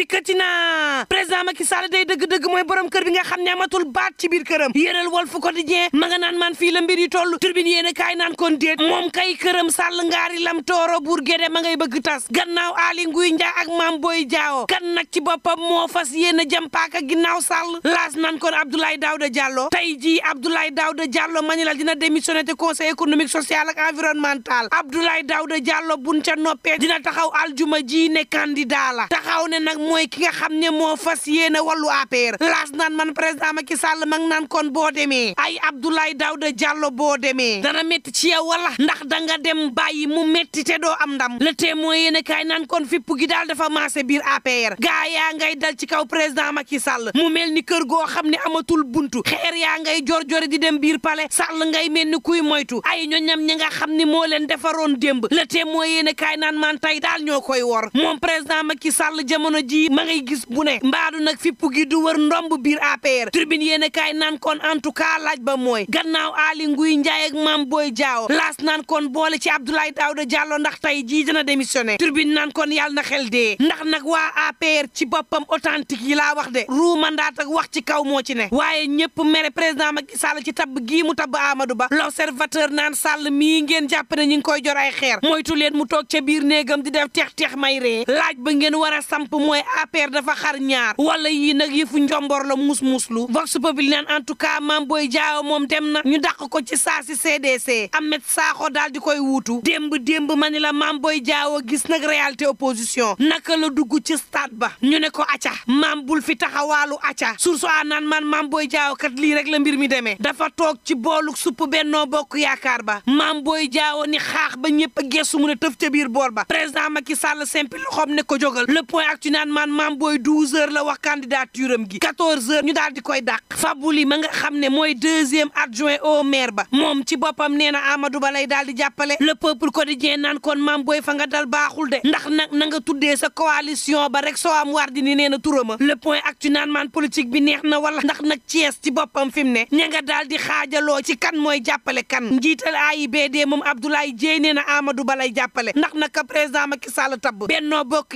dikkati na président Macky Sall day dëgg-dëgg mooy borom kër bi nga xam ne amatul ba ci biir këram yéenal Walf Quotidien ma nga naan maan fii la mbir yi toll turbine yéen a kaay naan kon déet moom kay këram sàll ngaari lam tooro buur géde ma ngay bëgg tas gannaaw Aly Ngouille njaa ak Mame Boye jaawo kan nag ci boppam moo fas yéen a jëm paaka ginnaaw sàll laas naan kon Abdoulaye Daouda Diallo tey jii Abdoulaye Daouda Diallo ma ñu la dina démissionné te conseil économique social ak environnemental Abdoulaye Daouda Diallo buñ ca noppee dina taxaw aljuma ji ne candidat la taxaw ne nag mooy ki nga xam ne moo fas yéene wàllu APR laas naan man président Macky Sall mag naan kon boo demee ay Abdoulaye Daouda Diallo boo demee dana métti ci yow wala ndax da nga dem bàyyi mu métti te doo am ndam le témoin yéene kaay naan kon fipp daal dafa maase biir APR gaa yaa ngay dal ci kaw président Macky Sall mu mel ni kër goo xam ne amatul buntu xeer yaa ngay jorjori di dem biir palais Sall ngay mel ni kuy moytu ay ñoñam ñi nga xam ni moo leen defaroon démb le témoin yéene kaay naan man tey daal ñoo koy wor moom président Macky Sall jamono ji ma ngay gis bu ne mbaadu nag fippu gi du wër ndomb biir APR tribune yéen a kaay naan kon en tout cas laaj ba mooy gannaaw Aly nguy Ndiaye ak booy Boye Diao laas kon boole ci Abdoulaye Daouda Diallo ndax tey jii dana démissionné turbin naan kon yàlla na xel dee ndax nag waa APR ci boppam authentique yi laa wax de ruu mandat ak wax ci kaw moo ci ne waaye ñëpp mere président mag Sall ci tabb gii mu tabb Amadou Ba l'observateur naan Sall mii ngeen jàpp ne ñu ngi koy jor ay xeer moytu leen mu toog ca biir néegam di def teex teex may ree laaj waaye APR dafa xar ñaar wala yii nag yëfu njombor la muus muuslu vox populi naan en tout cas Mame Boye Diao moom dem na ñu dàq ko ci saa si CDC Ahmed Sakho daal di koy wuutu démb démb ma ni la Mame booy Diao gis nag réalité opposition naka la dugg ci staat ba ñu ne ko acca maam bul fi taxawaalu acca surso a naan man mam booy Diao kat lii rek la mbir mi demee dafa toog ci boolu supp bennoo bokk yaakaar ba Mame booy Diao ni xaax ba ñëpp a mu ne tëf ca biir bool ba président Macky Sall naan maan maam booy 12 heures la wax candidature am gi 14 heures ñu daal di koy dàq Fabuli ma nga xam ne mooy deuxième adjoint o maire ba moom ci boppam nee na Amadou Ba lay daal di jàppale le peuple quotidien naan kon maam booy fa nga dal baaxul de ndax nag na nga tuddee sa coalition ba rek soo am war di ni nee na turama le point actu naan maan politique bi neex na wala ndax nag Thiès ci boppam fi mu ne ña nga daal di xaajaloo ci kan mooy jàppale kan njiital AIBD moom Abdoulaye Dièye nee na Amadou jàppale ndax nag président Macky Sall tabb Benno Bokk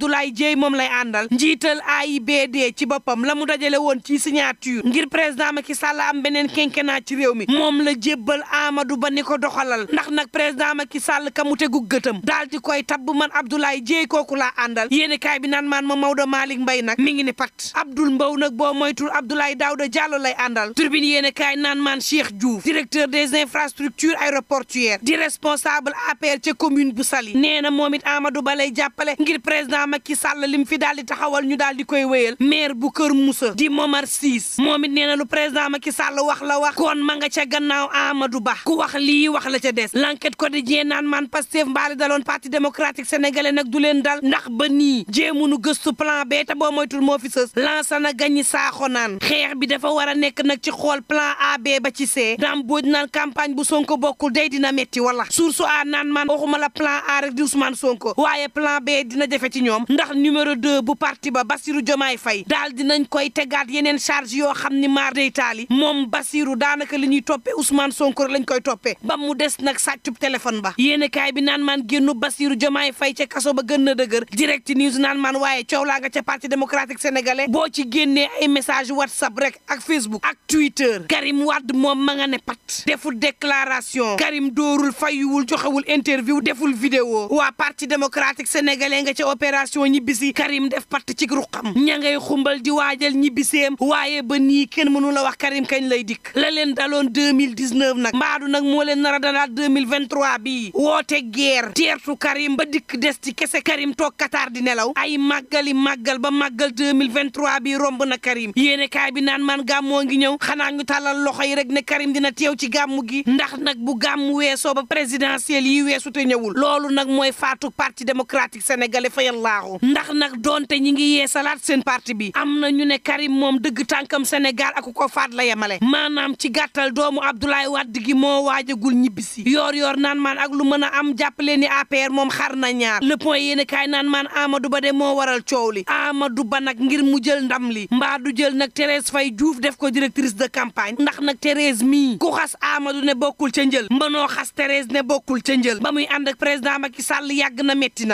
Abdoulaye Dieye moom lay àndal njiital AIBD ci boppam la mu dajale woon ci signature ngir président Macky Sall am beneen quinquennat ci réew mi moom la jébbal Amadou Ba ni ko doxalal ndax nag président Macky Sall ka mu tegu gëtam daal di koy tabb man Abdoulaye Dieye kooku laa àndal yéen kaay bi naan maan ma Maodo Malick mbay nag mi ngi ne pat Abdoul mbaw nag boo moytul Abdoulaye Daouda Diallo lay àndal turbine yéen kaay naan maan Cheikh Diouf directeur des infrastructures aéroportuaires di responsable APR ca commune bu Saly nee na moom it Amadou Ba lay ngir président Macky Sall lim fi daal di taxawal ñu daal di koy wéyal maire bu Kër Moussa di Momar Ciss moom it nee na lu président Macky Sall wax la wax kon ma nga ca gannaaw amadu Ba ku wax lii wax la ca des l'enquête quotidien naan man Pastef mbaali daloon parti démocratique sénégalais nag du leen dal ndax ba nii jéemunu gëstu plan B te boo moytul moo fi sës Lansana Gagny Sakho naan xeex bi dafa war a nekk nag ci xool plan A B ba ci C daam booj naan campagne bu Sonko bokkul day dina metti wala source a man waxuma la plan A rek Sonko waaye plan B dina jafe ci ñoom ñoom ndax numéro 2 bu parti ba Bassirou Diomaye fay daal dinañ koy tegaat yeneen charge yoo xam ni maar day taali moom Bassirou daanaka li ñuy toppee Ousmane Sonko lañ koy toppee ba mu des nag sàccub téléphone ba yéen kaay bi naan maan génnu Bassirou Diomaye fay ca kaso ba gënna na dëgër direct news naan maan waaye coow laa nga ca parti démocratique sénégalais boo ci génnee ay message whatsapp rek ak facebook ak twitter Karim wadd moom ma nga ne pat deful déclaration Karim dóorul fayuwul joxewul interview deful vidéo waa parti démocratique sénégalais nga ca opération délégation ñibbisi Karim def patt ci ruqam ña ngay xumbal di waajal ñibbiseem waaye ba nii kenn mënu la wax Karim kañ lay dikk la leen daloon 2019 nag mbaadu nag moo leen nar a dalaat 2023 bii woote guerre teertu Karim ba dikk des ci kese Karim toog Qatar di nelaw ay màggali màggal ba màggal 2023 bii romb na Karim yéene kaay bi naan man gàmmoo ngi ñëw xanaa ñu tàllal loxo yi rek ne Karim dina teew ci gàmmu gi ndax nag bu gàmmu weesoo ba présidentiel yi weesu te ñëwul loolu nag mooy faatu parti démocratique sénégalais fa yàlla Ndakaaru ndax nag donte ñi ngi yee salaat seen parti bi am na ñu ne Karim moom dëgg tànkam Sénégal ak ko faat la yemale maanaam ci gàttal doomu Abdoulaye Wade gi moo waajagul ñibbisi yoor yoor naan maan ak lu mën a am jàppale ni APR moom xar na ñaar le point yéen kaay naan maan Amadou Ba de moo waral coow li Amadou Ba nag ngir mu jël ndam li mbaa du jël nag Thérèse Faye Diouf def ko directrice de campagne ndax nag Thérèse mii ku xas Amadou ne bokkul ca njël mënoo xas Thérèse ne bokkul ca njël ba muy ànd président Macky Sall yàgg na métti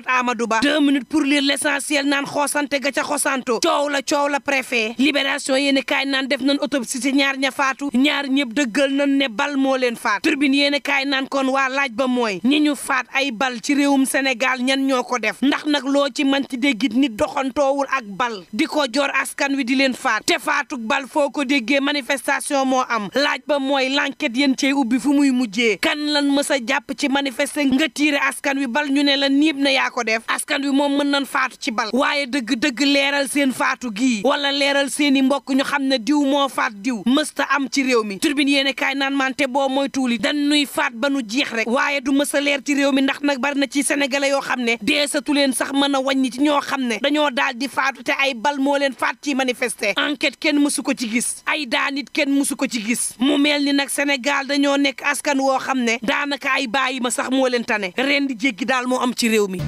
vote Amadou Ba deux minutes pour lire l'essentiel naan xoosante ga ca xosanto coow la coow la préfet libération yéen kaay naan def nañ autopsie ci ñaar ña faatu ñaar ñëpp dëggal nañ ne bal moo leen faat turbine yéen kaay naan kon waa laaj ba mooy ñi ñu faat ay bal ci réewum Sénégal ñan ñoo ko def ndax nag loo ci man ci déggit nit doxantoowul ak bal di ko jor askan wi di leen faat te faatuk bal foo ko déggee manifestation moo am laaj ba mooy l'enquête yéen cey ubbi fu muy mujjee kan lan mës a jàpp ci manifester nga tiire yaa ko def askan wi moom mën nañ faatu ci bal waaye dëgg dëgg leeral seen faatu gii wala leeral seen i mbokk ñu xam ne diw moo faat diw mësta am ci réew mi turbine yéene kaay naan man te boo mooy tuuli dañ nuy faat ba nu jeex rek waaye du mës a leer ci réew mi ndax nag bari na ci sénégalais yoo xam ne deesatu leen sax mën a wàññi ci ñoo xam ne dañoo daal di faatu te ay bal moo leen faat ci manifester enquête kenn mësu ko ci gis ay daanit kenn mësu ko ci gis mu mel ni nag Sénégal dañoo nekk askan woo xam ne daanaka ay bàyyi ma sax moo leen tane ren di jéggi daal moo am ci réew mi